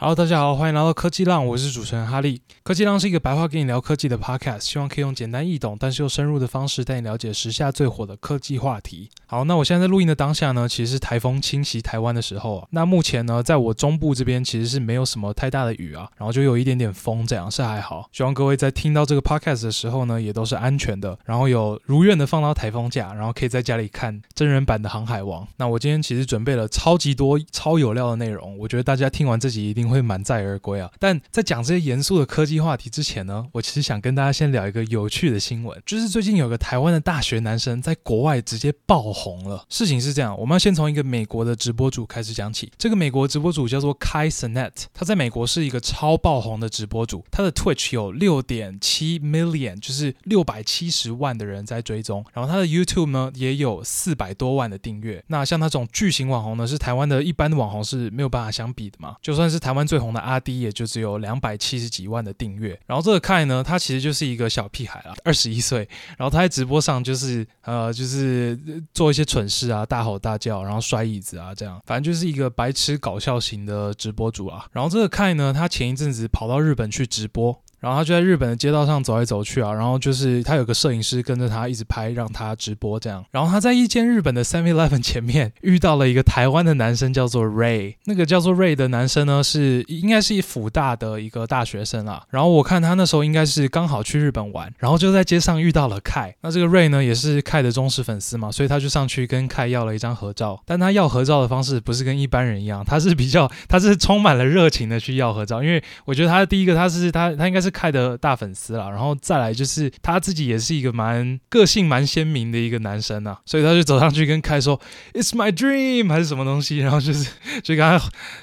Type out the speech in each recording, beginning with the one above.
Hello，大家好，歡迎來到科技浪，我是主持人哈利。科技浪是一個白話跟你聊科技的 podcast，希望可以用簡單易懂，但是又深入的方式帶你了解時下最火的科技話題。好，那我現在在錄音的當下呢，其實是颱風侵襲台灣的時候啊，那目前呢，在我中部這邊其實是沒有什麼太大的雨啊，然後就有一點點風，這樣是還好。希望各位在聽到這個 podcast 的時候呢，也都是安全的，然後有如願的放到颱風假，然後可以在家裡看真人版的《航海王》。那我今天其實準備了超級多超有料的內容，我覺得大家聽完這集一定。會滿載而歸啊！但在講這些嚴肅的科技話題之前呢，我其實想跟大家先聊一個有趣的新聞，就是最近有個台灣的大學男生在國外直接爆紅了。事情是這樣，我們要先從一個美國的直播主開始講起。這個美國直播主叫做 Kai Cenat，他在美國是一個超爆紅的直播主，他的 Twitch 有六點七 million，就是六百七十萬的人在追蹤，然後他的 YouTube 呢也有四百多萬的訂閱。那像他這種巨型網紅呢，是台灣的一般的網紅是沒有辦法相比的嘛，就算是台灣。最紅的阿滴也就只有兩百七十幾萬的訂閱，然後這個 Kai 呢，他其實就是一個小屁孩啊，二十一歲，然後他在直播上就是呃就是做一些蠢事啊，大吼大叫，然後摔椅子啊這樣，反正就是一個白痴搞笑型的直播主啊，然後這個 Kai 呢，他前一陣子跑到日本去直播。然後他就在日本的街道上走來走去啊，然後就是他有個攝影師跟着他一直拍，讓他直播這樣。然後他在一間日本的 Seven Eleven 前面遇到了一個台灣的男生，叫做 Ray。那個叫做 Ray 的男生呢，是應該是一輔大的一個大學生啊。然後我看他那時候應該是剛好去日本玩，然後就在街上遇到了 Kai。那這個 Ray 呢，也是 Kai 的忠實粉絲嘛，所以他就上去跟 Kai 要了一張合照。但他要合照的方式不是跟一般人一樣，他是比較，他是充滿了熱情的去要合照，因為我覺得他第一個他，他是他他應該是。凱的大粉絲了，然後再來就是他自己也是一個蠻個性蠻鮮明的一個男生啊，所以他就走上去跟凱說 "It's my dream" 還是什麼東西，然後就是就跟他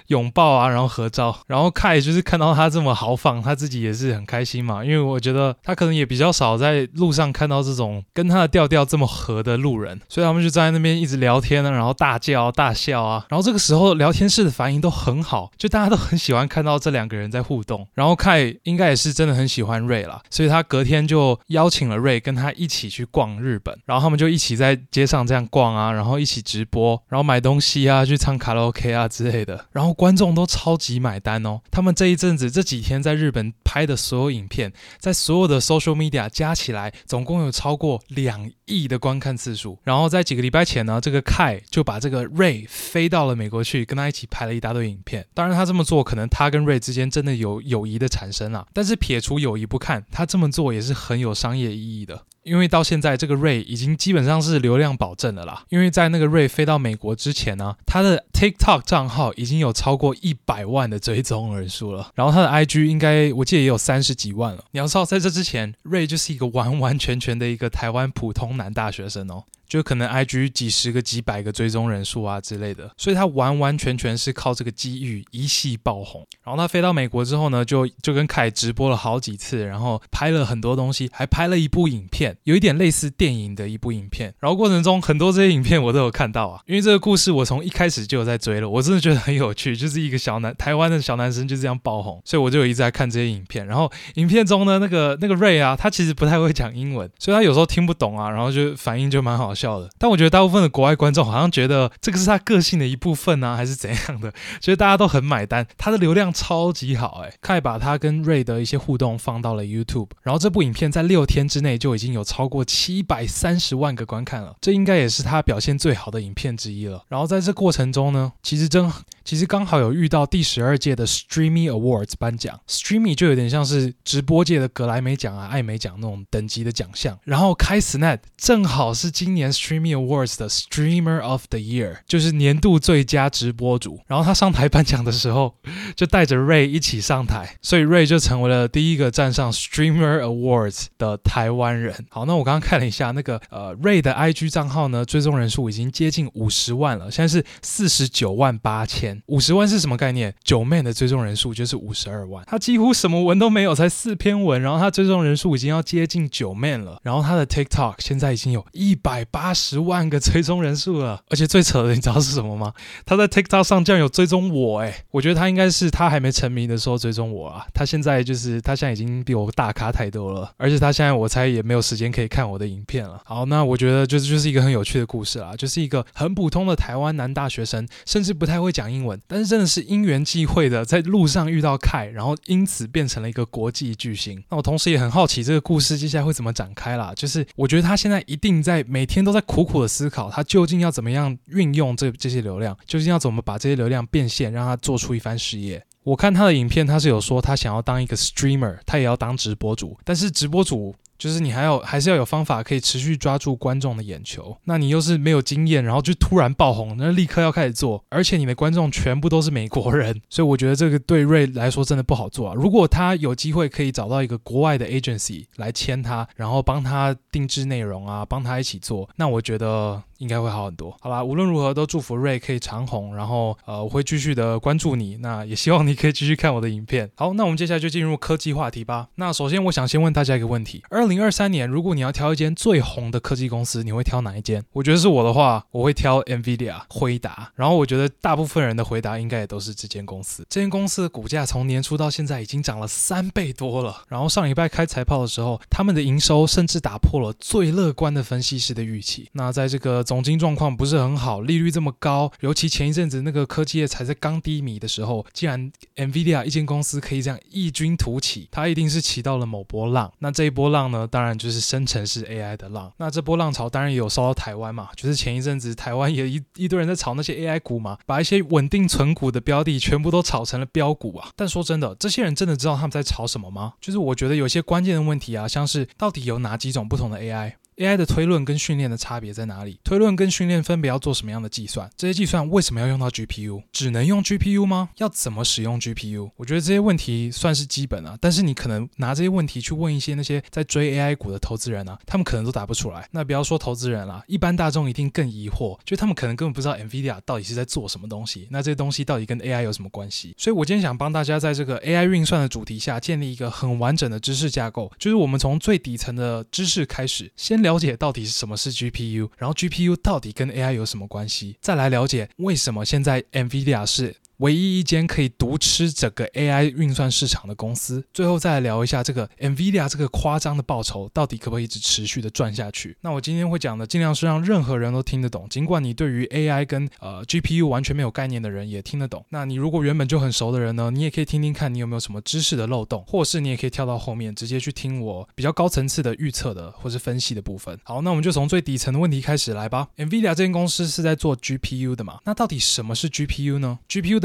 擁抱啊，然後合照，然後凱就是看到他這麼豪放，他自己也是很開心嘛，因為我覺得他可能也比較少在路上看到這種跟他的調調這麼合的路人，所以他們就站在那邊一直聊天呢、啊，然後大叫大笑啊，然後這個時候聊天室的反應都很好，就大家都很喜歡看到這兩個人在互動，然後凱應該也是。真的很喜歡 Ray 啦，所以他隔天就邀請了 Ray 跟他一起去逛日本，然後他們就一起在街上這樣逛啊，然後一起直播，然後買東西啊，去唱卡拉 OK 啊之類的，然後觀眾都超級買單哦。他們這一陣子這幾天在日本拍的所有影片，在所有的 social media 加起來總共有超過兩億的觀看次數。然後在幾個禮拜前呢，這個 Kai 就把這個 Ray 飛到了美國去，跟他一起拍了一大堆影片。當然他這麼做，可能他跟 Ray 之間真的有友誼的產生啊，但是。撇除友誼不看，他這麼做也是很有商業意義的。因為到現在，這個 Ray 已經基本上是流量保證了啦。因為在那個 Ray 飛到美國之前呢、啊，他的 TikTok 賬號已經有超過一百萬的追蹤人數了，然後他的 IG 應該我記得也有三十幾萬了。你要知道，在這之前，Ray 就是一個完完全全的一個台灣普通男大學生哦，就可能 IG 幾十個、幾百個追蹤人數啊之類的，所以他完完全全是靠這個機遇一夕爆紅。然後他飛到美國之後呢，就就跟凱直播了好幾次，然後拍了很多東西，還拍了一部影片。有一點類似電影的一部影片，然後過程中很多這些影片我都有看到啊，因為這個故事我從一開始就有在追了，我真的覺得很有趣，就是一個小男台灣的小男生就這樣爆紅，所以我就一直在看這些影片。然後影片中呢，那個那個瑞啊，他其實不太會講英文，所以他有時候聽不懂啊，然後就反應就蠻好笑的。但我覺得大部分的國外觀眾好像覺得這個是他個性的一部分啊，還是怎樣的，所以大家都很買單，他的流量超級好哎，他也把他跟瑞的一些互動放到了 YouTube，然後這部影片在六天之內就已經有。超過七百三十萬個觀看了，這應該也是他表現最好的影片之一了。然後在這過程中呢，其實真。其實剛好有遇到第十二屆的 Streamy Awards 頒獎，Streamy 就有點像是直播界的格萊美獎啊、艾美獎那種等級的獎項。然後 Kai Cenat 正好是今年 Streamy Awards 的 Streamer of the Year，就是年度最佳直播主。然後他上台頒獎的時候，就帶着 Ray 一起上台，所以 Ray 就成為了第一個站上 Streamer Awards 的台灣人。好，那我剛剛看了一下那個呃 Ray 的 IG 賬號呢，追蹤人數已經接近五十萬了，現在是四十九萬八千。五十萬是什麼概念？九 man 的追蹤人數就是五十二萬。他幾乎什麼文都沒有，才四篇文，然後他追蹤人數已經要接近九 man 了。然後他的 TikTok 現在已經有一百八十萬個追蹤人數了。而且最扯的，你知道是什麼嗎？他在 TikTok 上竟然有追蹤我、欸！誒，我覺得他應該是他還沒成名的時候追蹤我啊。他現在就是他現在已經比我大咖太多了。而且他現在我猜也沒有時間可以看我的影片了。好，那我覺得就是、就是一個很有趣的故事啦，就是一個很普通的台灣男大學生，甚至不太會講英文。但是真的是因緣際會的，在路上遇到凱，然後因此變成了一個國際巨星。那我同時也很好奇這個故事接下來會怎麼展開啦。就是我覺得他現在一定在每天都在苦苦的思考，他究竟要怎麼樣運用這這些流量，究竟要怎麼把這些流量變現，讓他做出一番事業。我看他的影片，他是有說他想要當一個 streamer，他也要當直播主，但是直播主。就是你還有，還是要有方法可以持續抓住觀眾的眼球，那你又是沒有經驗，然後就突然爆紅，那立刻要開始做，而且你的觀眾全部都是美國人，所以我覺得這個對瑞來說真的不好做啊。如果他有機會可以找到一個國外的 agency 來簽他，然後幫他定制內容啊，幫他一起做，那我覺得。應該會好很多，好啦，無論如何都祝福 Ray 可以長紅，然後呃，我會繼續的關注你，那也希望你可以繼續看我的影片。好，那我們接下來就進入科技話題吧。那首先我想先問大家一個問題，二零二三年，如果你要挑一間最紅的科技公司，你會挑哪一間？我覺得是我的話，我會挑 NVIDIA，輝達。然後我覺得大部分人的回答應該也都是這間公司。這間公司的股價從年初到現在已經漲了三倍多了，然後上禮拜開財報的時候，他們的營收甚至打破了最樂觀的分析師的預期。那在這個總經狀況不是很好，利率這麼高，尤其前一陣子那個科技業才在剛低迷的時候，竟然 Nvidia 一間公司可以這樣異軍突起，它一定是騎到了某波浪。那這一波浪呢，當然就是生成式 AI 的浪。那這波浪潮當然也有燒到台灣嘛，就是前一陣子台灣也一一堆人在炒那些 AI 股嘛，把一些穩定存股的標的全部都炒成了飆股啊。但說真的，這些人真的知道他們在炒什麼嗎？就是我覺得有些關鍵的問題啊，像是到底有哪幾種不同的 AI？AI 的推論跟訓練的差別在哪裡？推論跟訓練分別要做什麼樣的計算？這些計算為什麼要用到 GPU？只能用 GPU 嗎？要怎麼使用 GPU？我覺得這些問題算是基本啊。但是你可能拿這些問題去問一些那些在追 AI 股的投資人啊，他們可能都答不出來。那不要說投資人啦，一般大眾一定更疑惑，就他們可能根本不知道 NVIDIA 到底是在做什麼東西。那這些東西到底跟 AI 有什麼關係？所以我今天想幫大家在這個 AI 運算的主題下建立一個很完整的知識架構，就是我們從最底層的知識開始先。了解到底是什麼是 GPU，然後 GPU 到底跟 AI 有什麼關係？再來了解為什麼現在 NVIDIA 是唯一一間可以獨吃整個 AI 運算市場的公司。最後再來聊一下這個 NVIDIA 這個誇張的報酬，到底可不可以一直持續的賺下去？那我今天會講的，盡量是讓任何人都聽得懂，儘管你對於 AI 跟呃 GPU 完全沒有概念的人也聽得懂。那你如果原本就很熟的人呢，你也可以聽聽看，你有沒有什麼知識的漏洞，或是你也可以跳到後面直接去聽我比較高層次的預測的或是分析的部分。好，那我們就從最底層的問題開始來吧。NVIDIA 這間公司是在做 GPU 的嘛？那到底什麼是 GPU 呢？GPU 的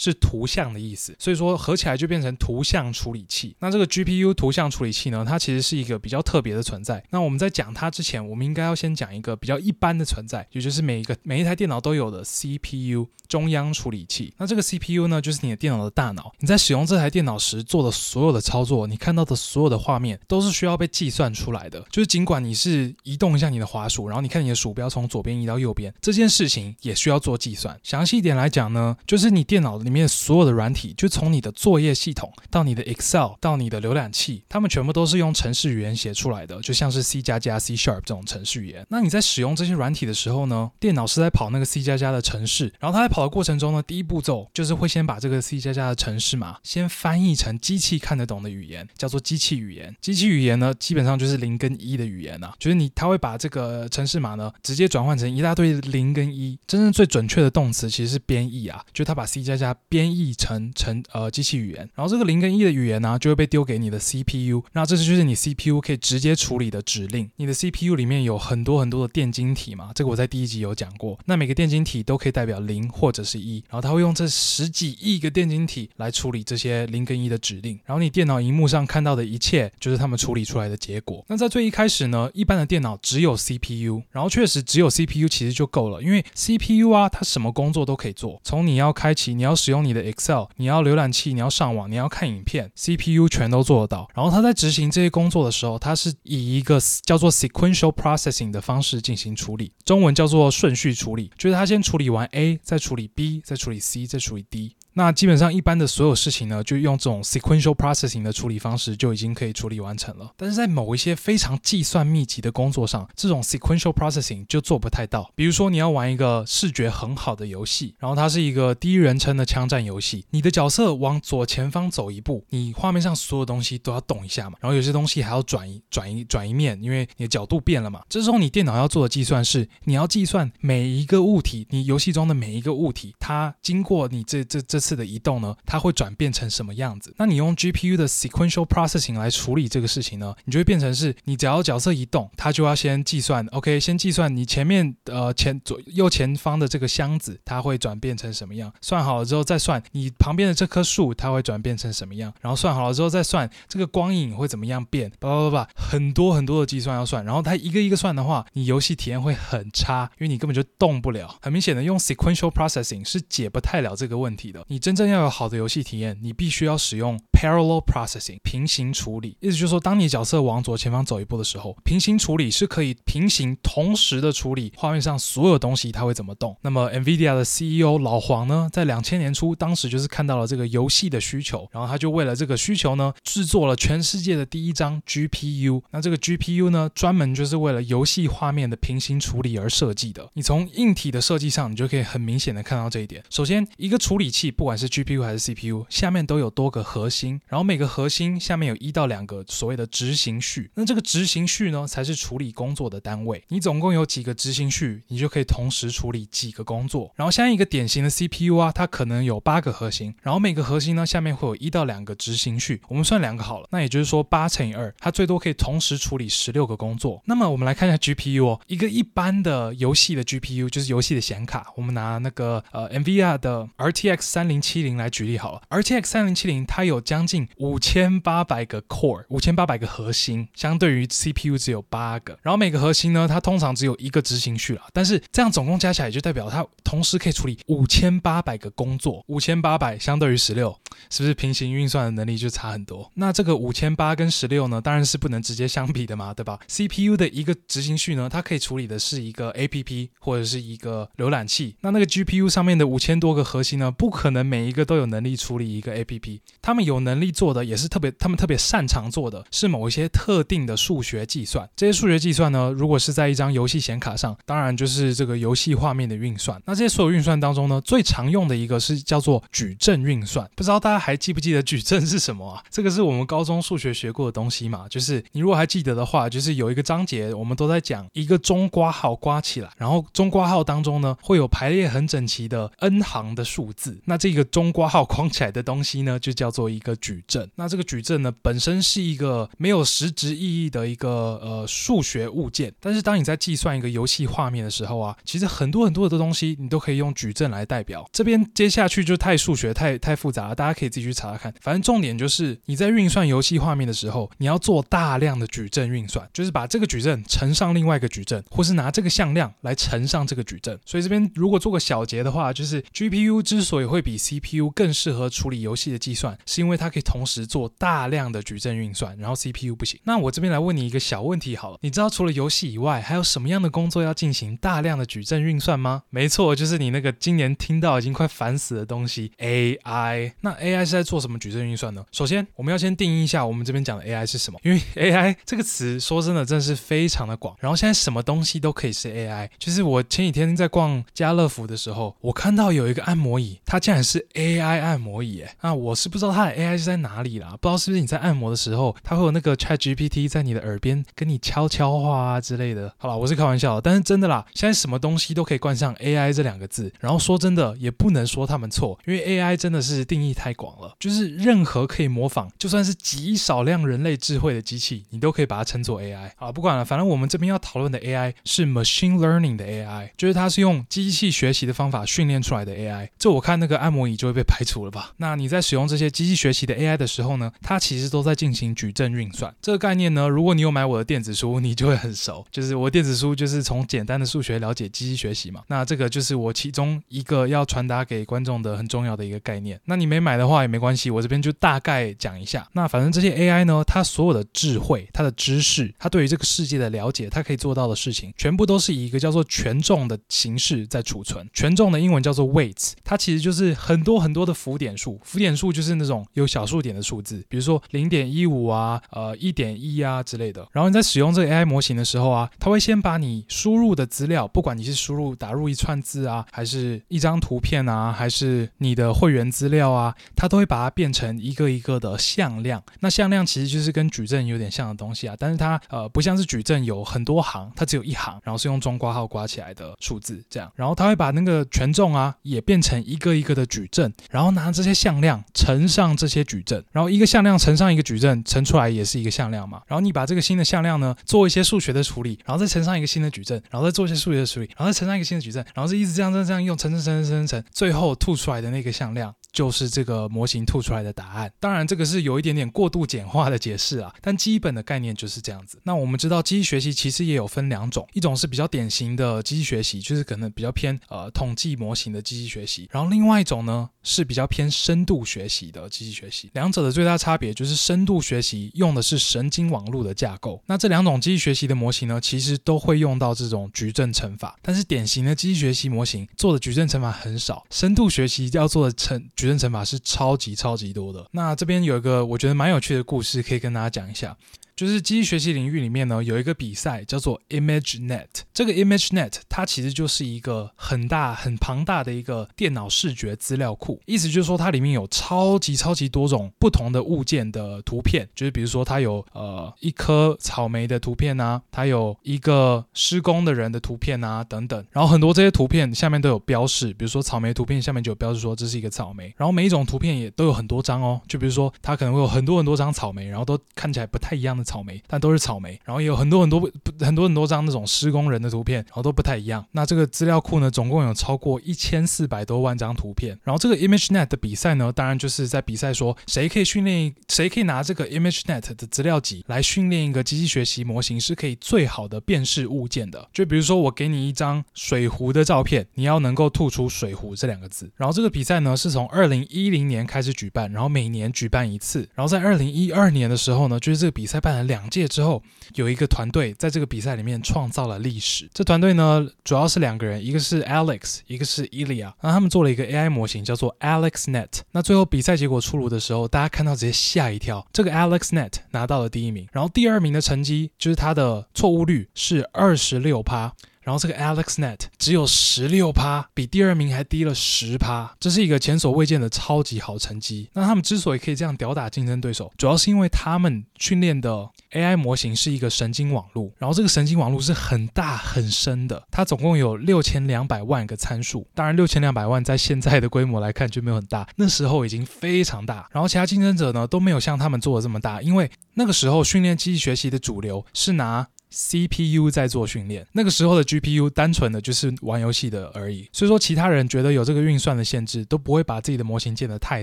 是圖像的意思，所以說合起來就變成圖像處理器。那這個 GPU 圖像處理器呢，它其實是一個比較特別的存在。那我們在講它之前，我們應該要先講一個比較一般的存在，也就是每一個每一台電腦都有的 CPU 中央處理器。那這個 CPU 呢，就是你的電腦的大腦。你在使用這台電腦時做的所有的操作，你看到的所有的畫面，都是需要被計算出來的。就是儘管你是移動一下你的滑鼠，然後你看你的鼠標從左邊移到右邊，這件事情也需要做計算。詳細一點來講呢，就是你電腦的。裡面所有的軟體，就從你的作業系統到你的 Excel 到你的瀏覽器，他們全部都是用程式語言寫出來的，就像是 C 加加、C sharp 這種程式語言。那你在使用這些軟體的時候呢，電腦是在跑那個 C 加加的程式，然後它在跑的過程中呢，第一步驟就是會先把這個 C 加加的程式碼先翻譯成機器看得懂的語言，叫做機器語言。機器語言呢，基本上就是零跟一的語言啊，就是你，它會把這個程式碼呢，直接轉換成一大堆零跟一。真正最準確的動詞其實是編譯啊，就它把 C 加加編譯成成呃機器語言，然後這個零跟一的語言呢、啊，就會被丟給你的 CPU。那這些就是你 CPU 可以直接處理的指令。你的 CPU 裡面有很多很多的電晶體嘛，這個我在第一集有講過。那每個電晶體都可以代表零或者是一，然後它會用這十幾億個電晶體來處理這些零跟一的指令。然後你電腦熒幕上看到的一切，就是他們處理出來的結果。那在最一開始呢，一般的電腦只有 CPU，然後確實只有 CPU 其實就夠了，因為 CPU 啊，它什麼工作都可以做。從你要開啟，你要。使用你的 Excel，你要瀏覽器，你要上網，你要看影片，CPU 全都做得到。然後它在執行這些工作的時候，它是以一個叫做 sequential processing 的方式進行處理，中文叫做順序處理，就是它先處理完 A，再處理 B，再處理 C，再處理 D。那基本上一般的所有事情呢，就用這種 sequential processing 的處理方式就已經可以處理完成了。但是在某一些非常計算密集的工作上，這種 sequential processing 就做不太到。比如說你要玩一個視覺很好的遊戲，然後它是一個第一人稱的槍戰遊戲，你的角色往左前方走一步，你畫面上所有東西都要動一下嘛，然後有些東西還要轉一轉一轉一面，因為你的角度變了嘛。這時候你電腦要做的計算是，你要計算每一個物體，你遊戲中的每一個物體，它經過你這這這。這次的移動呢，它會轉變成什麼樣子？那你用 GPU 的 sequential processing 來處理這個事情呢，你就會變成是，你只要角色移動，它就要先計算，OK，先計算你前面呃前左右前方的這個箱子它會轉變成什麼樣，算好了之後再算你旁邊的這棵樹它會轉變成什麼樣，然後算好了之後再算這個光影會怎麼樣變吧吧吧，很多很多的計算要算，然後它一個一個算的話，你遊戲體驗會很差，因為你根本就動不了。很明顯的，用 sequential processing 是解不太了這個問題的。你真正要有好的遊戲體驗，你必須要使用 parallel processing 平行處理。意思就是說，當你角色往左前方走一步的時候，平行處理是可以平行同時的處理畫面上所有東西，它會怎麼動？那麼 Nvidia 的 CEO 老黃呢，在兩千年初，當時就是看到了這個遊戲的需求，然後他就為了這個需求呢，製作了全世界的第一張 GPU。那這個 GPU 呢，專門就是為了遊戲畫面的平行處理而設計的。你從硬體的設計上，你就可以很明顯的看到這一點。首先，一個處理器。不管是 GPU 還是 CPU，下面都有多個核心，然後每個核心下面有一到兩個所謂的執行緒，那這個執行緒呢，才是處理工作的單位。你總共有幾個執行緒，你就可以同時處理幾個工作。然後像一個典型的 CPU 啊，它可能有八個核心，然後每個核心呢，下面會有一到兩個執行緒，我們算兩個好了。那也就是說八乘以二，它最多可以同時處理十六個工作。那麼我們來看一下 GPU 哦，一個一般的遊戲的 GPU 就是遊戲的顯卡，我們拿那個呃 NVIDIA 的 RTX 三零七零來舉例好了，RTX 三零七零它有將近五千八百個 core，五千八百個核心，相對於 C P U 只有八個，然後每個核心呢，它通常只有一個執行緒了，但是這樣總共加起來也就代表它同時可以處理五千八百個工作，五千八百相對於十六，是不是平行運算的能力就差很多？那這個五千八跟十六呢，當然是不能直接相比的嘛，對吧？C P U 的一個執行緒呢，它可以處理的是一個 A P P 或者是一個瀏覽器，那那個 G P U 上面的五千多個核心呢，不可能。每一個都有能力處理一個 APP，他們有能力做的也是特別，他們特別擅長做的是某一些特定的數學計算。這些數學計算呢，如果是在一張遊戲顯卡上，當然就是這個遊戲畫面的運算。那這些所有運算當中呢，最常用的一個是叫做矩陣運算。不知道大家還記不記得矩陣是什麼啊？這個是我們高中數學學過的東西嘛，就是你如果還記得的話，就是有一個章節我們都在講一個中括號括起來，然後中括號當中呢會有排列很整齊的 n 行的數字。那這一個中括號框起來的東西呢，就叫做一個矩陣。那這個矩陣呢，本身是一個沒有實質意義的一個呃數學物件。但是當你在計算一個遊戲畫面的時候啊，其實很多很多的東西你都可以用矩陣來代表。這邊接下去就太數學太太複雜了，大家可以自己去查看。反正重點就是你在運算遊戲畫面的時候，你要做大量的矩陣運算，就是把這個矩陣乘上另外一個矩陣，或是拿這個向量來乘上這個矩陣。所以這邊如果做個小結的話，就是 GPU 之所以會比 GPU 更適合處理遊戲的計算，是因為它可以同時做大量的矩陣運算，然後 CPU 不行。那我這邊來問你一個小問題好了，你知道除了遊戲以外，還有什麼樣的工作要進行大量的矩陣運算嗎？沒錯，就是你那個今年聽到已經快煩死的東西 AI。那 AI 是在做什麼矩陣運算呢？首先，我們要先定義一下我們這邊講的 AI 是什麼，因為 AI 這個詞說真的真的是非常的廣，然後現在什麼東西都可以是 AI。就是我前幾天在逛家樂福的時候，我看到有一個按摩椅，它竟然，是 AI 按摩椅，欸，哎、啊。那我是不知道它的 AI 是在哪裡啦，不知道是不是你在按摩的時候，它會有那個 ChatGPT 在你的耳邊跟你悄悄話啊之類的。好吧，我是開玩笑，但是真的啦，現在什麼東西都可以冠上 AI 這兩個字，然後說真的也不能說他們錯，因為 AI 真的是定義太廣了，就是任何可以模仿，就算是極少量人類智慧的機器，你都可以把它稱作 AI。好了，不管了，反正我們這邊要討論的 AI 是 machine learning 的 AI，就是它是用機器學習的方法訓練出來的 AI。這我看那個模擬就會被排除了吧？那你在使用這些機器學習的 AI 的時候呢，它其實都在進行矩陣運算。這個概念呢，如果你有買我的電子書，你就會很熟。就是我的電子書就是從簡單的數學了解機器學習嘛。那這個就是我其中一個要傳達給觀眾的很重要的一個概念。那你沒買的話也沒關係，我這邊就大概講一下。那反正這些 AI 呢，它所有的智慧、它的知識、它對於這個世界的了解、它可以做到的事情，全部都是以一個叫做權重的形式在儲存。權重的英文叫做 weights，它其實就是。很多很多的浮點數，浮點數就是那種有小數點的數字，比如說零點一五啊，呃一點一啊之類的。然後你在使用這個 AI 模型的時候啊，它會先把你輸入的資料，不管你是輸入打入一串字啊，還是一張圖片啊，還是你的會員資料啊，它都會把它變成一個一個的向量。那向量其實就是跟矩陣有點像的東西啊，但是它呃不像是矩陣有很多行，它只有一行，然後是用中括號括起來的數字這樣。然後它會把那個權重啊也變成一個一個的。矩陣，然後拿這些向量乘上這些矩陣，然後一個向量乘上一個矩陣，乘出來也是一個向量嘛。然後你把這個新的向量呢，做一些數學的處理，然後再乘上一個新的矩陣，然後再做一些數學的處理，然後再乘上一個新的矩陣，然後就一直這樣這樣這樣用乘乘乘乘乘乘，最後吐出來的那個向量就是這個模型吐出來的答案。當然，這個是有一點點過度簡化的解釋啊，但基本的概念就是這樣子。那我們知道，機器學習其實也有分兩種，一種是比較典型的機器學習，就是可能比較偏呃統計模型的機器學習，然後另外一種。呢是比較偏深度學習的機器學習，兩者的最大差別就是深度學習用的是神經網絡的架構。那這兩種機器學習的模型呢，其實都會用到這種矩陣乘法，但是典型的機器學習模型做的矩陣乘法很少，深度學習要做的乘矩陣乘法是超級超級多的。那這邊有一個我覺得蠻有趣的故事可以跟大家講一下。就是機器學習領域裡面呢，有一個比賽叫做 ImageNet。這個 ImageNet 它其實就是一個很大、很龐大的一個電腦視覺資料庫。意思就是說，它裡面有超級超級多種不同的物件的圖片。就是比如說，它有呃一顆草莓的圖片啊，它有一個施工的人的圖片啊，等等。然後很多這些圖片下面都有標示，比如說草莓圖片下面就有標示說這是一個草莓。然後每一種圖片也都有很多張哦。就比如說，它可能會有很多很多張草莓，然後都看起來不太一樣的。草莓，但都是草莓。然後也有很多很多很多很多張那種施工人的圖片，然後都不太一樣。那這個資料庫呢，總共有超過一千四百多萬張圖片。然後這個 ImageNet 的比賽呢，當然就是在比賽說誰可以訓練，誰可以拿這個 ImageNet 的資料集來訓練一個機器學習模型，是可以最好的辨識物件的。就比如說我給你一張水壺的照片，你要能夠吐出水壺這兩個字。然後這個比賽呢是從二零一零年開始舉辦，然後每年舉辦一次。然後在二零一二年的時候呢，就是這個比賽辦。兩屆之後，有一個團隊在這個比賽裡面創造了歷史。這團隊呢，主要是兩個人，一個是 Alex，一個是 Ilya，然後他們做了一個 AI 模型，叫做 AlexNet。那最後比賽結果出爐的時候，大家看到直接嚇一跳，這個 AlexNet 拿到了第一名，然後第二名的成績就是它的錯誤率是二十六趴。然後這個 AlexNet 只有十六趴，比第二名還低了十趴，這是一個前所未見的超級好成績。那他們之所以可以這樣吊打競爭對手，主要是因為他們訓練的 AI 模型是一個神經網絡，然後這個神經網絡是很大很深的，它總共有六千兩百萬個參數。當然，六千兩百萬在現在的規模來看就沒有很大，那時候已經非常大。然後其他競爭者呢都沒有像他們做的這麼大，因為那個時候訓練機器學習的主流是拿 CPU 在做訓練，那個時候的 GPU 單純的就是玩遊戲的而已。所以說，其他人覺得有這個運算的限制，都不會把自己的模型建得太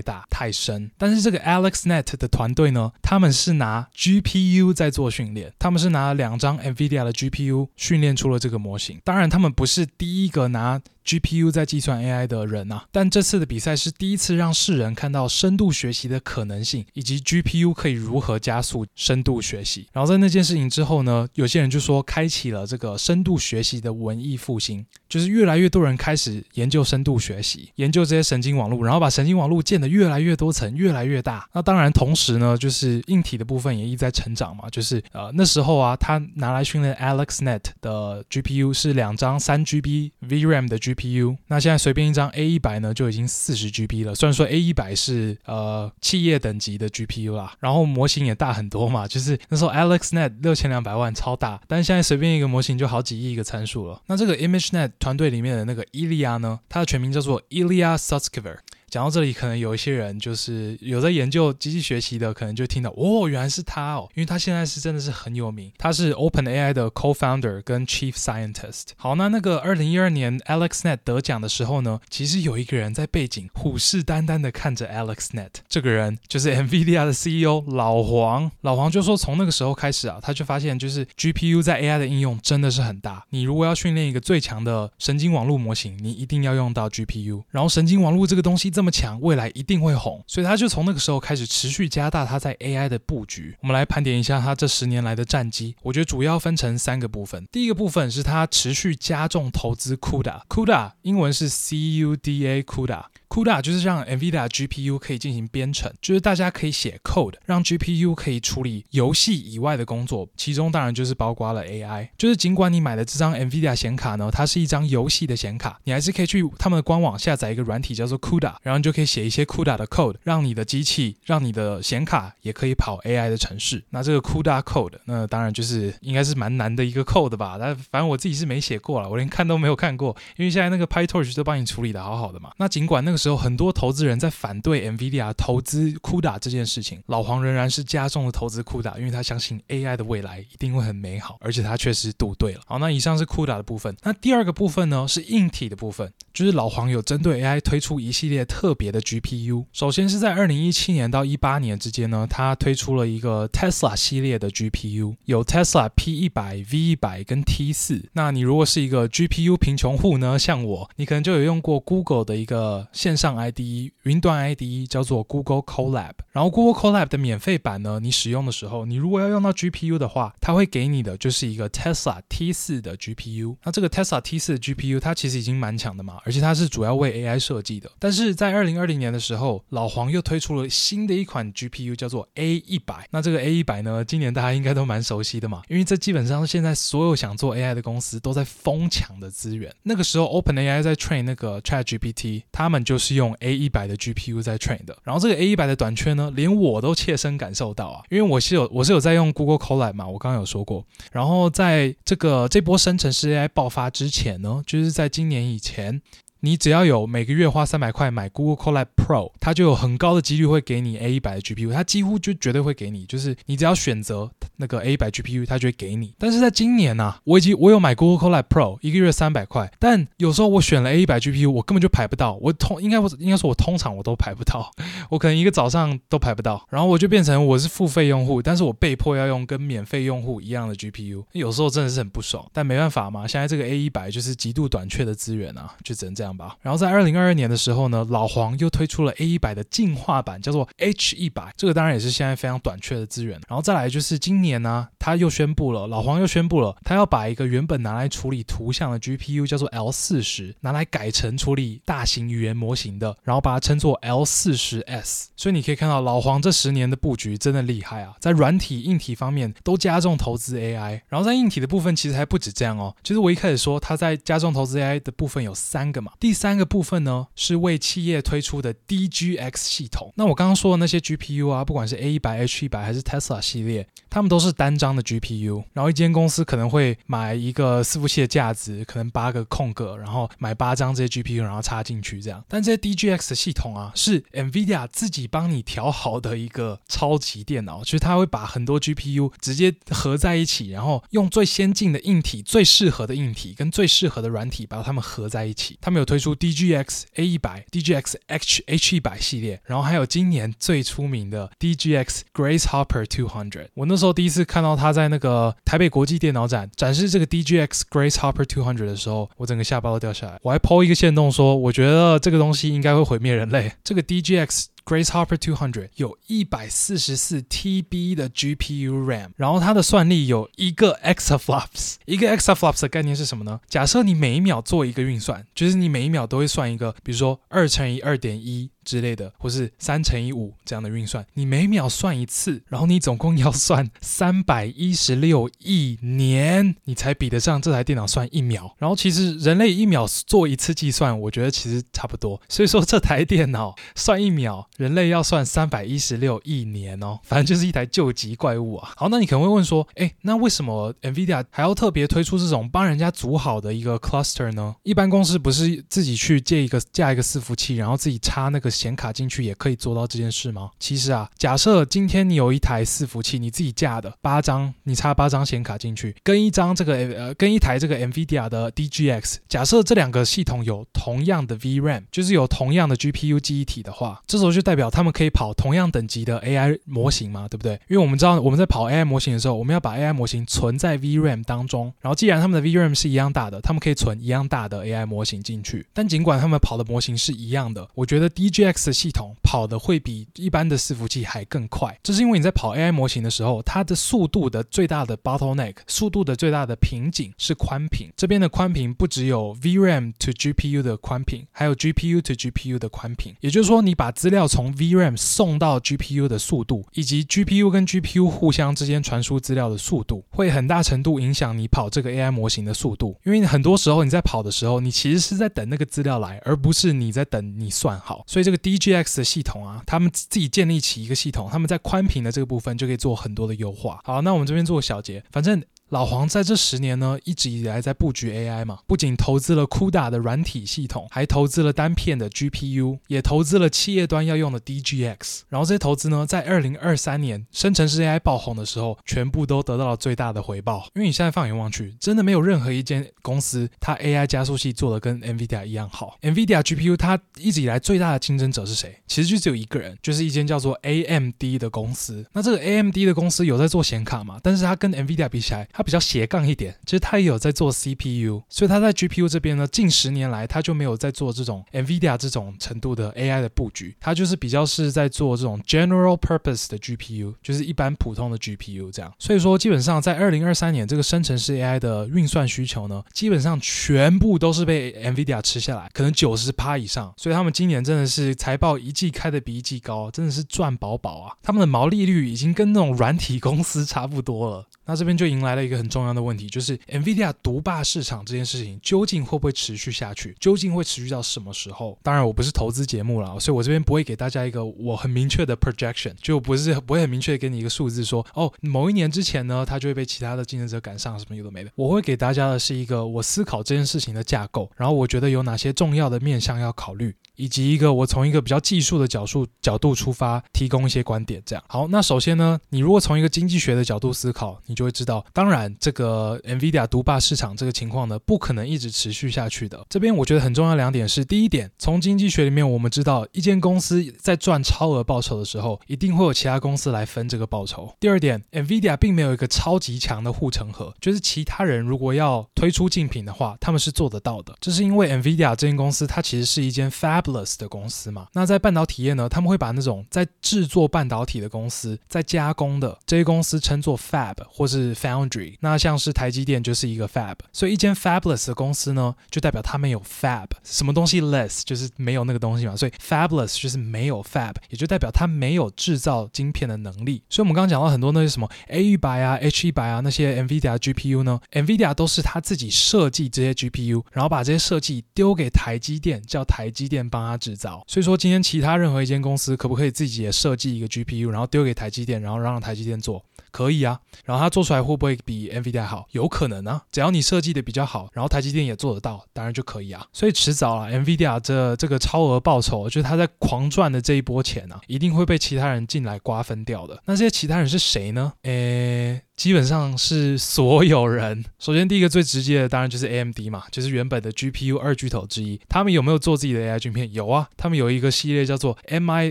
大太深。但是這個 AlexNet 的團隊呢，他們是拿 GPU 在做訓練，他們是拿了兩張 NVIDIA 的 GPU 訓練出了這個模型。當然，他們不是第一個拿 GPU 在計算 AI 的人啊。但這次的比賽是第一次讓世人看到深度學習的可能性，以及 GPU 可以如何加速深度學習。然後在那件事情之後呢，有些。人就是說開啟了這個深度學習的文藝復興，就是越來越多人開始研究深度學習，研究這些神經網絡，然後把神經網絡建得越來越多層，越來越大。那當然，同時呢，就是硬體的部分也一直在成長嘛。就是呃那時候啊，他拿來訓練 AlexNet 的 GPU 是兩張三 GB VRAM 的 GPU。那現在隨便一張 A 一百呢就已經四十 GB 了，雖然說 A 一百是呃企業等級的 GPU 啦，然後模型也大很多嘛。就是那時候 AlexNet 六千兩百萬超大。但現在隨便一個模型就好幾億個參數了。那這個 ImageNet 團隊裡面的那個 Ilya 呢，它的全名叫做 Ilya Sutskever。講到這裡，可能有一些人就是有在研究機器學習的，可能就聽到哦，原來是他哦，因為他現在是真的是很有名，他是 OpenAI 的 co-founder 跟 chief scientist。好，那那個二零一二年 AlexNet 得獎的時候呢，其實有一個人在背景虎視眈眈的看着 AlexNet，這個人就是 Nvidia 的 CEO 老黃。老黃就說，從那個時候開始啊，他就發現就是 GPU 在 AI 的應用真的是很大。你如果要訓練一個最強的神經網絡模型，你一定要用到 GPU。然後神經網絡這個東西。這麼強，未來一定會紅，所以他就從那個時候開始持續加大他在 AI 的佈局。我們來盤點一下他這十年來的戰績，我覺得主要分成三個部分。第一個部分是他持續加重投資 CUDA，CUDA CU 英文是 C U D A，CUDA。A CUDA 就是讓 NVIDIA GPU 可以進行編程，就是大家可以寫 code，讓 GPU 可以處理遊戲以外的工作，其中當然就是包括了 AI。就是儘管你買的這張 NVIDIA 顯卡呢，它是一張遊戲的顯卡，你還是可以去他們的官網下載一個軟體叫做 CUDA，然後你就可以寫一些 CUDA 的 code，讓你的機器，讓你的顯卡也可以跑 AI 的程式。那這個 CUDA code，那當然就是應該是蠻難的一個 code 吧，但反正我自己是沒寫過了，我連看都沒有看過，因為現在那個 PyTorch 都幫你處理的好好的嘛。那儘管那個時候很多投資人在反對 Nvidia 投資 CUDA 這件事情，老黃仍然是加重了投資 CUDA，因為他相信 AI 的未來一定會很美好，而且他確實賭對了。好，那以上是 CUDA 的部分，那第二個部分呢是硬體的部分，就是老黃有針對 AI 推出一系列特別的 GPU。首先是在二零一七年到一八年之間呢，他推出了一個 Tesla 系列的 GPU，有 Tesla P 一百、V 一百跟 T 四。那你如果是一個 GPU 貧窮戶呢，像我，你可能就有用過 Google 的一個。線上 IDE、雲端 IDE 叫做 Google Colab，然後 Google Colab 的免費版呢，你使用的時候，你如果要用到 GPU 的話，它會給你的就是一個 Tesla T4 的 GPU。那這個 Tesla T4 的 GPU 它其實已經蠻強的嘛，而且它是主要為 AI 設計的。但是在二零二零年的時候，老黃又推出了新的一款 GPU，叫做 A 一百。那這個 A 一百呢，今年大家應該都蠻熟悉的嘛，因為這基本上現在所有想做 AI 的公司都在瘋搶的資源。那個時候 OpenAI 在 train 那個 ChatGPT，他們就是用 A 一百的 GPU 在 train 的。然後這個 A 一百的短缺呢，連我都切身感受到啊，因為我是有我是有在用 Google Colab 嘛，我剛剛有說過，然後在這個這波生成式 AI 爆發之前呢，就是在今年以前。你只要有每個月花三百塊買 Google Colab Pro，它就有很高的幾率會給你 A100 的 GPU，它幾乎就絕對會給你。就是你只要選擇那個 A100 GPU，它就會給你。但是在今年啊，我已經我有買 Google Colab Pro，一個月三百塊，但有時候我選了 A100 GPU，我根本就排不到。我通應該我應該說，我通常我都排不到，我可能一個早上都排不到。然後我就變成我是付費用戶，但是我被迫要用跟免費用戶一樣的 GPU，有時候真的是很不爽。但沒辦法嘛，現在這個 A100 就是極度短缺的資源啊，就只能這樣。然後在二零二二年的時候呢，老黃又推出了 A 一百的進化版，叫做 H 一百，這個當然也是現在非常短缺的資源。然後再來就是今年呢、啊，他又宣布了，老黃又宣布了，他要把一個原本拿來處理圖像的 GPU 叫做 L 四十，拿來改成處理大型語言模型的，然後把它稱作 L 四十 S。所以你可以看到，老黃這十年的布局真的厲害啊，在軟體、硬體方面都加重投資 AI。然後在硬體的部分其實還不止這樣哦，其實我一開始說他在加重投資 AI 的部分有三個嘛。第三個部分呢，是為企業推出的 DGX 系統。那我剛剛說的那些 GPU 啊，不管是 A100、H100 還是 Tesla 系列，它們都是單張的 GPU。然後一間公司可能會買一個伺服器的架子，可能八個空格，然後買八張這些 GPU，然後插進去這樣。但這些 DGX 系統啊，是 Nvidia 自己幫你調好的一個超級電腦，就是它會把很多 GPU 直接合在一起，然後用最先進的硬體、最適合的硬體跟最適合的軟體，把它們合在一起。它們有推出 DGX A100 DGX HH100 系列，然後還有今年最出名的 DGX Grace Hopper 200。我那時候第一次看到他在那個台北國際電腦展展示這個 DGX Grace Hopper 200的時候，我整個下巴都掉下來。我還 po 一個限動說，我覺得這個東西應該會毀滅人類。這個 DGX。Grace Hopper 200有一百四十四 TB 的 GPU RAM，然後它的算力有一個 Exaflops。一個 Exaflops 的概念是什麼呢？假設你每一秒做一個運算，就是你每一秒都會算一個，比如說二乘以二點一。之類的，或是三乘以五這樣的運算，你每秒算一次，然後你總共要算三百一十六億年，你才比得上這台電腦算一秒。然後其實人類一秒做一次計算，我覺得其實差不多。所以說這台電腦算一秒，人類要算三百一十六億年哦，反正就是一台究極怪物啊。好，那你可能會問說，哎，那為什麼 Nvidia 還要特別推出這種幫人家組好的一個 cluster 呢？一般公司不是自己去借一個，架一個伺服器，然後自己插那個？顯卡進去也可以做到這件事嗎？其實啊，假設今天你有一台伺服器，你自己架的，八張，你插八張顯卡進去，跟一張這個呃，跟一台這個 NVIDIA 的 DGX，假設這兩個系統有同樣的 VRAM，就是有同樣的 GPU 記憶體的話，這時候就代表他們可以跑同樣等級的 AI 模型嘛，對不對？因為我們知道我們在跑 AI 模型的時候，我們要把 AI 模型存在 VRAM 當中，然後既然他們的 VRAM 是一樣大的，他們可以存一樣大的 AI 模型進去。但儘管他們跑的模型是一樣的，我覺得 DGX。x 系統跑的會比一般的伺服器還更快，這是因為你在跑 AI 模型的時候，它的速度的最大的 bottleneck，速度的最大的瓶頸是寬屏。這邊的寬屏不只有 VRAM to GPU 的寬屏，還有 GPU to GPU 的寬屏。也就是說，你把資料從 VRAM 送到 GPU 的速度，以及 GPU 跟 GPU 互相之間傳輸資料的速度，會很大程度影響你跑這個 AI 模型的速度。因為很多時候你在跑的時候，你其實是在等那個資料來，而不是你在等你算好。所以這個。D G X 的系統啊，他們自己建立起一個系統，他們在寬屏的這個部分就可以做很多的優化。好，那我們這邊做個小結，反正。老黃在這十年呢，一直以來在布局 AI 嘛，不僅投資了 CUDA 的軟體系統，還投資了單片的 GPU，也投資了企業端要用的 DGX。然後這些投資呢，在二零二三年生成式 AI 爆紅的時候，全部都得到了最大的回報。因為你現在放眼望去，真的沒有任何一間公司它 AI 加速器做得跟 NVIDIA 一樣好。NVIDIA GPU 它一直以來最大的競爭者是誰？其實就只有一個人，就是一間叫做 AMD 的公司。那這個 AMD 的公司有在做顯卡嘛？但是它跟 NVIDIA 比起來，它比較斜槓一點，其實它也有在做 CPU，所以它在 GPU 這邊呢，近十年來它就沒有在做這種 NVIDIA 這種程度的 AI 的佈局，它就是比較是在做這種 general purpose 的 GPU，就是一般普通的 GPU 這樣。所以說，基本上在二零二三年這個生成式 AI 的運算需求呢，基本上全部都是被 NVIDIA 吃下來，可能九十趴以上。所以他們今年真的是財報一季開的比一季高，真的是賺飽飽啊！他們的毛利率已經跟那種軟體公司差不多了。那這邊就迎來了一個很重要的問題，就是 Nvidia 獨霸市場這件事情究竟會不會持續下去？究竟會持續到什麼時候？當然，我不是投資節目啦，所以我這邊不會給大家一個我很明確的 projection，就不是不會很明確的給你一個數字說，哦，某一年之前呢，它就會被其他的競爭者趕上，什麼有的沒的。我會給大家的是一個我思考這件事情的架構，然後我覺得有哪些重要的面向要考慮，以及一個我從一個比較技術的角度角度出發提供一些觀點。這樣。好，那首先呢，你如果從一個經濟學的角度思考，你就會知道，當然，這個 Nvidia 獨霸市場這個情況呢，不可能一直持續下去的。這邊我覺得很重要兩點是：第一點，從經濟學裡面我們知道，一間公司在賺超額報酬的時候，一定會有其他公司來分這個報酬。第二點，Nvidia 並沒有一個超級強的護城河，就是其他人如果要推出競品的話，他們是做得到的。這是因為 Nvidia 這間公司它其實是一間 fabless 的公司嘛。那在半導體業呢，他們會把那種在制作半導體的公司、在加工的這些公司稱作 fab 或者。就是 foundry，那像是台積電就是一個 fab，所以一間 fabless 的公司呢，就代表他沒有 fab，什麼東西 less 就是沒有那個東西嘛，所以 fabless 就是沒有 fab，也就代表他沒有制造晶片的能力。所以我們剛剛講到很多那些什麼 A100 啊，H100 啊，那些 Nvidia 的 GPU 呢，Nvidia 都是他自己設計這些 GPU，然後把這些設計丟給台積電，叫台積電幫他製造。所以說今天其他任何一間公司可不可以自己也設計一個 GPU，然後丟給台積電，然後讓台積電做？可以啊，然後他做。做出來會不會比 Nvidia 好？有可能啊，只要你設計的比較好，然後台積電也做得到，當然就可以啊。所以遲早啊，Nvidia 這這個超額報酬，就是他在狂賺的這一波錢啊，一定會被其他人進來瓜分掉的。那這些其他人是誰呢？誒。基本上是所有人。首先，第一個最直接的當然就是 A M D 嘛，就是原本的 G P U 二巨頭之一。他們有沒有做自己的 A I 晶片？有啊，他們有一個系列叫做 M I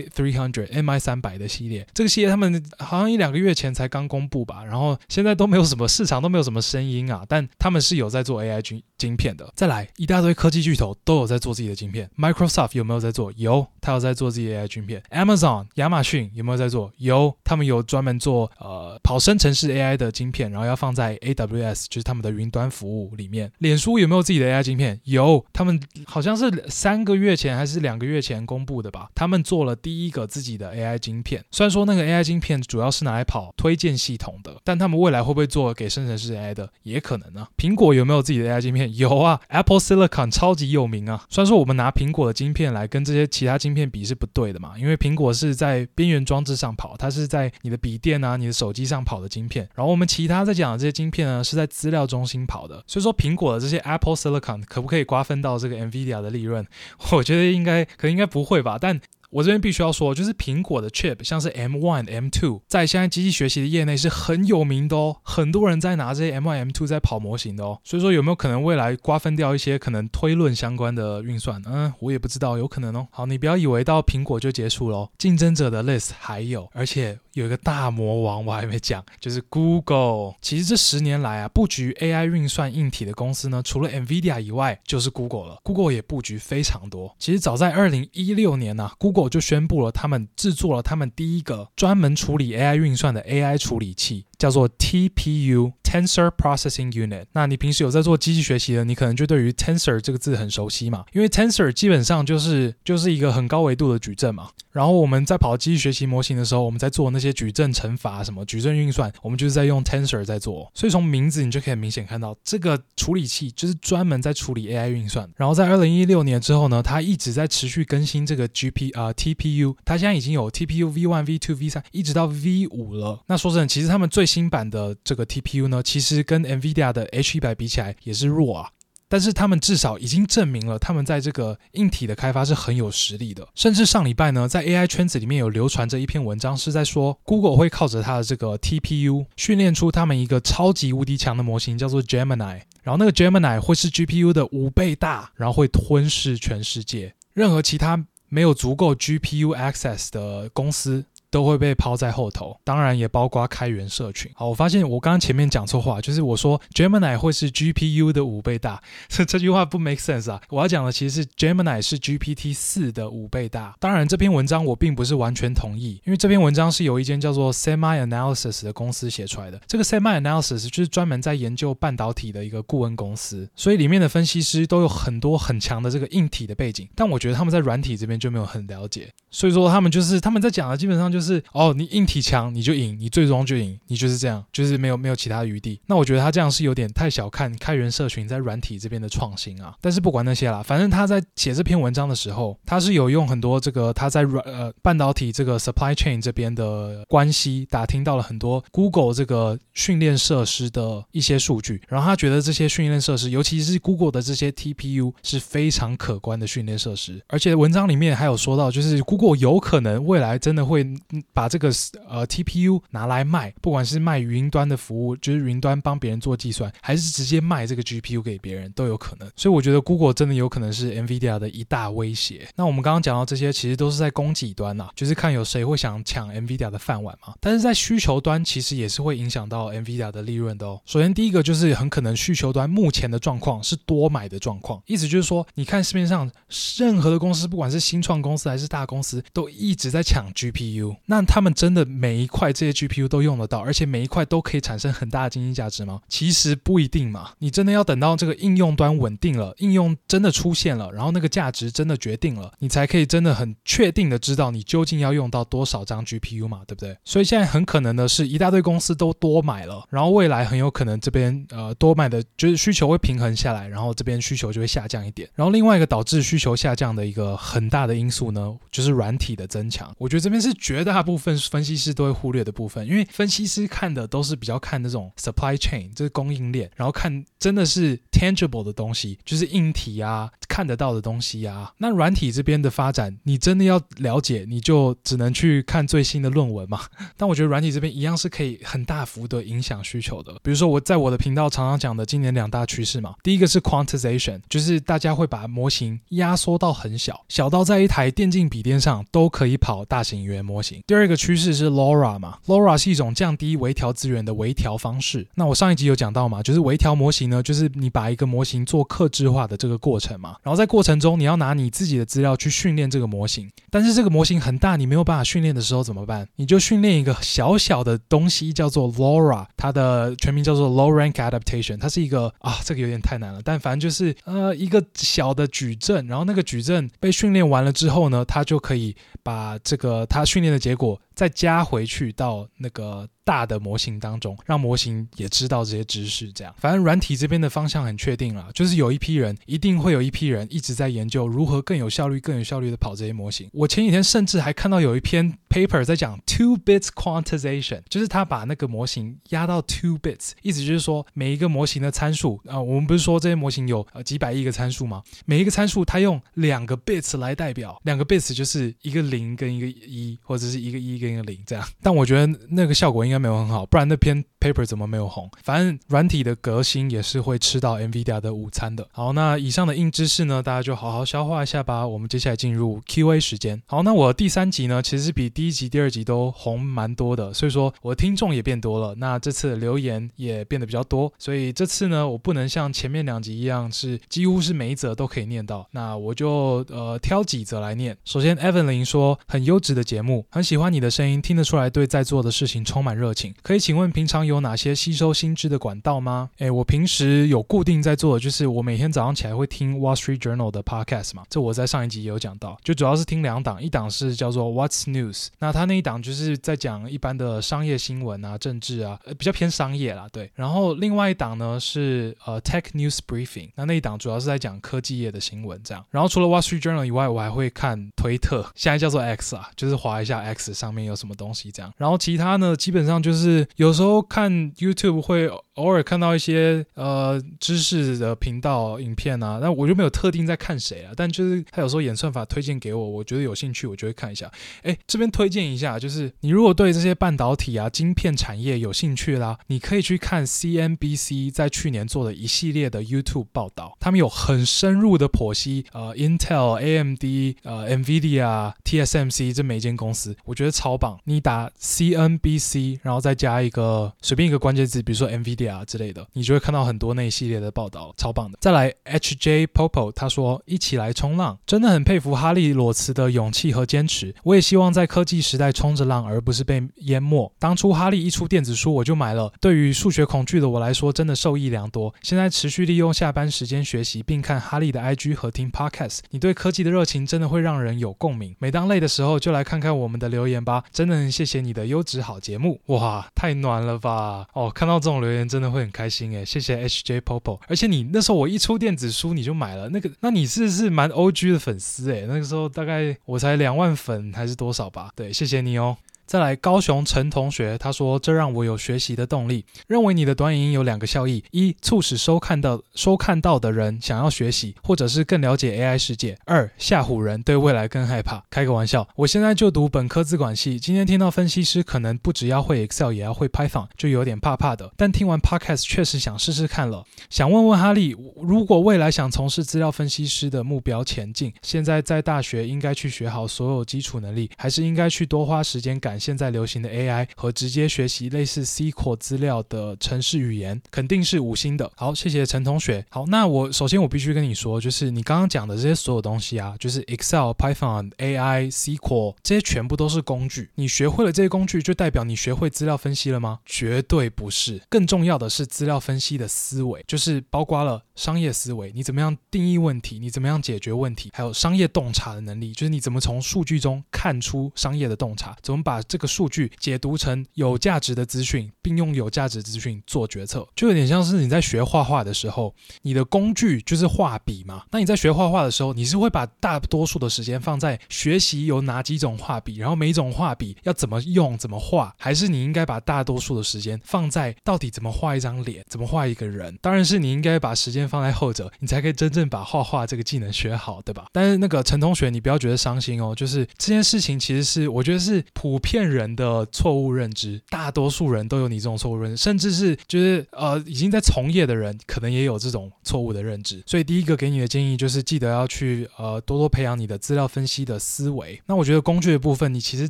300 M I 三百的系列。這個系列他們好像一兩個月前才剛公布吧，然後現在都沒有什麼市場，都沒有什麼聲音啊。但他們是有在做 A I 晶片的。再來，一大堆科技巨頭都有在做自己的晶片。Microsoft 有沒有在做？有，他有在做自己的 A I 晶片。Amazon 亞馬遜有沒有在做？有，他們有專門做呃跑生成式 A I 的晶片，然後要放在 AWS，就是他們的雲端服務裡面。臉書有沒有自己的 AI 晶片？有，他們、呃、好像是三個月前還是兩個月前公布的吧。他們做了第一個自己的 AI 晶片。雖然說那個 AI 晶片主要是拿來跑推薦系統的，但他們未來會不會做給生成式 AI 的，也可能呢、啊。蘋果有沒有自己的 AI 晶片？有啊，Apple Silicon 超級有名啊。雖然說我們拿蘋果的晶片來跟這些其他晶片比是不對的嘛，因為蘋果是在邊緣裝置上跑，它是在你的筆電啊、你的手機上跑的晶片，然後。我們其他在講的這些晶片呢，是在資料中心跑的，所以說蘋果的這些 Apple Silicon 可不可以瓜分到這個 NVIDIA 的利潤？我覺得應該，可能應該不會吧，但。我這邊必須要說，就是蘋果的 chip，像是 M one、M two，在現在機器學習的業內是很有名的哦，很多人在拿這些 M one、M two 在跑模型的哦。所以說有沒有可能未來瓜分掉一些可能推論相關的運算？嗯，我也不知道，有可能哦。好，你不要以為到蘋果就結束咯，競爭者的 list 還有，而且有一個大魔王我還沒講，就是 Google。其實這十年來啊，布局 AI 運算硬體的公司呢，除了 Nvidia 以外，就是 Google 了。Google 也布局非常多。其實早在二零一六年啊，Google 就宣佈了，他們製作了他們第一個專門處理 AI 運算的 AI 處理器。叫做 TPU Tensor Processing Unit。那你平時有在做機器學習的，你可能就對於 tensor 這個字很熟悉嘛，因為 tensor 基本上就是就是一個很高維度的矩陣嘛。然後我們在跑機器學習模型的時候，我們在做那些矩陣乘法什麼矩陣運算，我們就是在用 tensor 在做。所以從名字你就可以明顯看到，這個處理器就是專門在處理 AI 運算。然後在二零一六年之後呢，它一直在持續更新這個 GP 啊、呃、TPU，它現在已經有 TPU V 1 V 2 V 三，一直到 V 五了。那說真的，其實他們最新版的這個 TPU 呢，其實跟 NVIDIA 的 H100 比起來也是弱啊。但是他們至少已經證明了他們在這個硬體的開發是很有實力的。甚至上禮拜呢，在 AI 圈子裡面有流傳着一篇文章，是在說 Google 會靠着它的這個 TPU 訓練出他們一個超級無敵強的模型，叫做 Gemini。然後那個 Gemini 會是 GPU 的五倍大，然後會吞噬全世界任何其他沒有足夠 GPU access 的公司。都會被拋在後頭，當然也包括開源社群。好，我發現我剛剛前面講錯話，就是我說 Gemini 會是 GPU 的五倍大，這這句話不 make sense 啊。我要講的其實是 Gemini 是 GPT 四的五倍大。當然，這篇文章我並不是完全同意，因為這篇文章是由一間叫做 Semi Analysis 的公司寫出來的。這個 Semi Analysis 就是專門在研究半導體的一個顧問公司，所以裡面的分析師都有很多很強的這個硬體的背景，但我覺得他們在軟體這邊就沒有很了解，所以說他們就是他們在講的基本上就是。就是哦，你硬體強你就贏，你最終就贏，你就是這樣，就是沒有沒有其他餘地。那我覺得他這樣是有點太小看開源社群在軟體這邊的創新啊。但是不管那些啦，反正他在寫這篇文章的時候，他是有用很多這個他在軟呃半導體這個 supply chain 這邊的關係打聽到了很多 Google 這個訓練設施的一些數據，然後他覺得這些訓練設施，尤其是 Google 的這些 TPU 是非常可觀的訓練設施。而且文章裡面還有說到，就是 Google 有可能未來真的會。把這個呃 TPU 拿來賣，不管是賣雲端的服務，就是雲端幫別人做計算，還是直接賣這個 GPU 給別人，都有可能。所以我覺得 Google 真的有可能是 Nvidia 的一大威脅。那我們剛剛講到這些，其實都是在供給端吶、啊，就是看有誰會想搶 Nvidia 的飯碗嘛。但是在需求端，其實也是會影響到 Nvidia 的利潤的哦。首先第一個就是很可能需求端目前的狀況是多買的狀況，意思就是說，你看市面上任何的公司，不管是新創公司還是大公司，都一直在搶 GPU。那他們真的每一塊這些 GPU 都用得到，而且每一塊都可以產生很大的經濟價值嗎？其實不一定嘛。你真的要等到這個應用端穩定了，應用真的出現了，然後那個價值真的決定了，你才可以真的很確定的知道你究竟要用到多少張 GPU 嘛，對不對？所以現在很可能的是一大堆公司都多買了，然後未來很有可能這邊呃多買的就是需求會平衡下來，然後這邊需求就會下降一點。然後另外一個導致需求下降的一個很大的因素呢，就是軟體的增強。我覺得這邊是絕對。大部分分析師都會忽略的部分，因為分析師看的都是比較看那種 supply chain，就是供應鏈，然後看真的是 tangible 的東西，就是硬體啊。看得到的東西呀、啊，那軟體這邊的發展，你真的要了解，你就只能去看最新的論文嘛。但我覺得軟體這邊一樣是可以很大幅的影響需求的。比如說我在我的頻道常常講的今年兩大趨勢嘛，第一個是 quantization，就是大家會把模型壓縮到很小，小到在一台電競筆電上都可以跑大型語言模型。第二個趨勢是 LoRA 嘛，LoRA 是一種降低微調資源的微調方式。那我上一集有講到嘛，就是微調模型呢，就是你把一個模型做客製化的這個過程嘛。然後在過程中，你要拿你自己的資料去訓練這個模型，但是這個模型很大，你沒有辦法訓練的時候怎麼辦？你就訓練一個小小的東西，叫做 LoRA，它的全名叫做 Low Rank Adaptation，它是一個啊，這個有點太難了，但反正就是呃一個小的矩陣，然後那個矩陣被訓練完了之後呢，它就可以把這個它訓練的結果再加回去到那個。大的模型當中，讓模型也知道這些知識，這樣反正軟體這邊的方向很確定了，就是有一批人，一定會有一批人一直在研究如何更有效率、更有效率的跑這些模型。我前幾天甚至還看到有一篇 paper 在講 two bits quantization，就是他把那個模型壓到 two bits，意思就是說每一個模型的參數啊、呃，我們不是說這些模型有呃幾百億個參數嗎？每一個參數他用兩個 bits 來代表，兩個 bits 就是一個零跟一個一，或者是一個一跟一個零這樣。但我覺得那個效果應該，沒有很好，不然那篇 paper 怎麼沒有紅？反正軟體的革新也是會吃到 Nvidia 的午餐的。好，那以上的硬知識呢，大家就好好消化一下吧。我們接下來進入 Q&A 時間。好，那我第三集呢，其實是比第一集、第二集都紅蠻多的，所以說我聽眾也變多了。那這次的留言也變得比較多，所以這次呢，我不能像前面兩集一樣，是幾乎是每一則都可以念到。那我就呃挑幾則來念。首先，Evan Lin 說，很優質的節目，很喜歡你的聲音，聽得出來對在做的事情充滿熱情。可以請問平常有哪些吸收新知的管道嗎？哎，我平時有固定在做的就是我每天早上起來會聽 Wall Street Journal 的 podcast 嘛，這我在上一集也有講到，就主要是聽兩檔，一檔是叫做 What's News，那他那一檔就是在講一般的商業新聞啊、政治啊，呃、比較偏商業啦，對。然後另外一檔呢是呃 Tech News Briefing，那那一檔主要是在講科技業的新聞這樣。然後除了 Wall Street Journal 以外，我還會看推特，現在叫做 X 啊，就是滑一下 X 上面有什麼東西這樣。然後其他呢，基本上。就是有時候看 YouTube 會偶爾看到一些呃知識的頻道影片啊，那我就沒有特定在看誰啊，但就是他有時候演算法推薦給我，我覺得有興趣我就會看一下。哎，這邊推薦一下，就是你如果對這些半導體啊、晶片產業有興趣啦，你可以去看 CNBC 在去年做的一系列的 YouTube 報道，他們有很深入的剖析呃 Intel、AMD、呃 NVIDIA、TSMC、呃、這每一間公司，我覺得超棒。你打 CNBC。然後再加一個隨便一個關鍵字，比如說 NVIDIA 啊之類的，你就會看到很多那一系列的報道，超棒的。再來 H J Popo，他說：“一起來衝浪，真的很佩服哈利裸辭的勇氣和堅持。我也希望在科技時代衝着浪，而不是被淹沒。當初哈利一出電子書，我就買了。對於數學恐懼的我來說，真的受益良多。現在持續利用下班時間學習，並看哈利的 I G 和聽 Podcast。你對科技的熱情真的會讓人有共鳴。每當累的時候，就來看看我們的留言吧，真的很謝謝你的優質好節目。”哇，太暖了吧！哦，看到這種留言真的會很開心哎，謝謝 H J Popo。而且你那時候我一出電子書你就買了那個，那你是不是蠻 O G 的粉絲哎，那個時候大概我才兩萬粉還是多少吧？對，謝謝你哦。再來，高雄陳同學他說：“這讓我有學習的動力。認為你的短影音有兩個效益：一、促使收看到收看到的人想要學習，或者是更了解 AI 世界；二、嚇唬人，對未來更害怕。開個玩笑，我現在就讀本科資管系，今天聽到分析師可能不只要會 Excel，也要會 Python，就有點怕怕的。但聽完 Podcast，確實想試試看了。想問問哈利，如果未來想從事資料分析師的目標前進，現在在大學應該去學好所有基礎能力，還是應該去多花時間改？”現在流行的 AI 和直接學習類似 SQL 資料的程式語言肯定是五星的。好，謝謝陳同學。好，那我首先我必須跟你說，就是你剛剛講的這些所有東西啊，就是 Excel、Python、AI、SQL 這些全部都是工具。你學會了這些工具，就代表你學會資料分析了嗎？絕對不是。更重要的是資料分析的思維，就是包括了商業思維。你怎麼樣定義問題？你怎麼樣解決問題？還有商業洞察的能力，就是你怎麼從數據中看出商業的洞察？怎麼把這個數據解讀成有價值的資訊，並用有價值資訊做決策，就有點像是你在學畫畫的時候，你的工具就是畫筆嘛。那你在學畫畫的時候，你是會把大多數的時間放在學習有哪幾種畫筆，然後每一種畫筆要怎麼用、怎麼畫，還是你應該把大多數的時間放在到底怎麼畫一張臉、怎麼畫一個人？當然是你應該把時間放在後者，你才可以真正把畫畫這個技能學好，對吧？但是那個陳同學，你不要覺得傷心哦，就是這件事情其實是我覺得是普遍。騙人的錯誤認知，大多數人都有你這種錯誤認知，甚至是就是呃已經在從業的人，可能也有這種錯誤的認知。所以第一個給你的建議就是，記得要去呃多多培養你的資料分析的思維。那我覺得工具的部分，你其實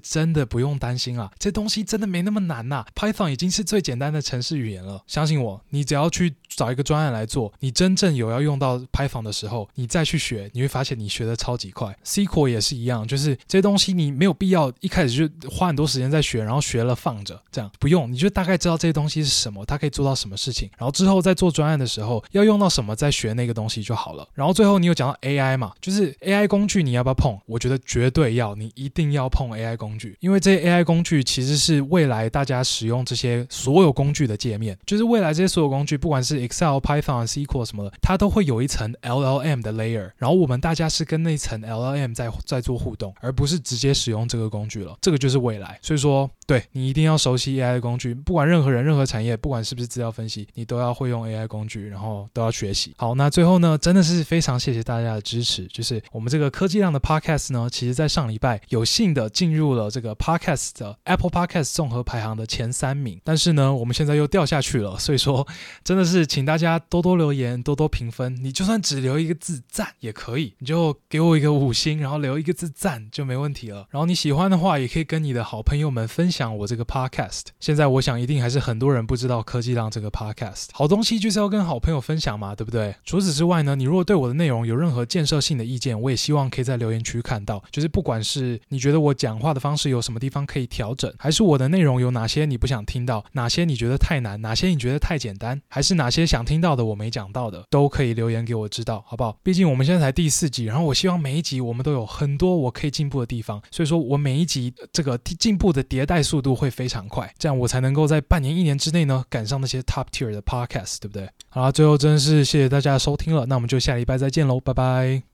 真的不用擔心啊，這東西真的沒那麼難吶、啊。Python 已經是最簡單的程式語言了，相信我，你只要去。找一個專案來做，你真正有要用到 Python 的時候，你再去學，你會發現你學的超級快。SQL 也是一樣，就是這些東西你沒有必要一開始就花很多時間在學，然後學了放着，這樣不用，你就大概知道這些東西是什麼，它可以做到什麼事情。然後之後在做專案的時候要用到什麼，再學那個東西就好了。然後最後你有講到 AI 嘛，就是 AI 工具你要不要碰？我覺得絕對要，你一定要碰 AI 工具，因為這些 AI 工具其實是未來大家使用這些所有工具的界面，就是未來這些所有工具，不管是 Excel、Python、SQL 什麼的，它都會有一層 LLM 的 layer，然後我們大家是跟那層 LLM 在在做互動，而不是直接使用這個工具了。這個就是未來，所以說對你一定要熟悉 AI 的工具，不管任何人、任何產業，不管是不是資料分析，你都要會用 AI 工具，然後都要學習。好，那最後呢，真的是非常謝謝大家的支持，就是我們這個科技量的 Podcast 呢，其實在上禮拜有幸的進入了這個 Podcast 的 Apple Podcast 綜合排行的前三名，但是呢，我們現在又掉下去了，所以說真的是。請大家多多留言，多多評分。你就算只留一個字讚也可以，你就給我一個五星，然後留一個字讚就沒問題了。然後你喜歡的話，也可以跟你的好朋友們分享我這個 podcast。現在我想一定還是很多人不知道科技浪這個 podcast。好東西就是要跟好朋友分享嘛，對不對？除此之外呢，你如果對我的內容有任何建設性的意見，我也希望可以在留言區看到。就是不管是你覺得我講話的方式有什麼地方可以調整，還是我的內容有哪些你不想聽到，哪些你覺得太難，哪些你覺得太簡單，還是哪些些想聽到的我沒講到的都可以留言給我知道，好不好？畢竟我們現在才第四集，然後我希望每一集我們都有很多我可以進步的地方，所以說我每一集，呃，這個進步的迭代速度會非常快，這樣我才能夠在半年一年之內呢趕上那些 top tier 的 podcast，對不對？好了，最後真的是謝謝大家收聽了，那我們就下禮拜再見嘍，拜拜。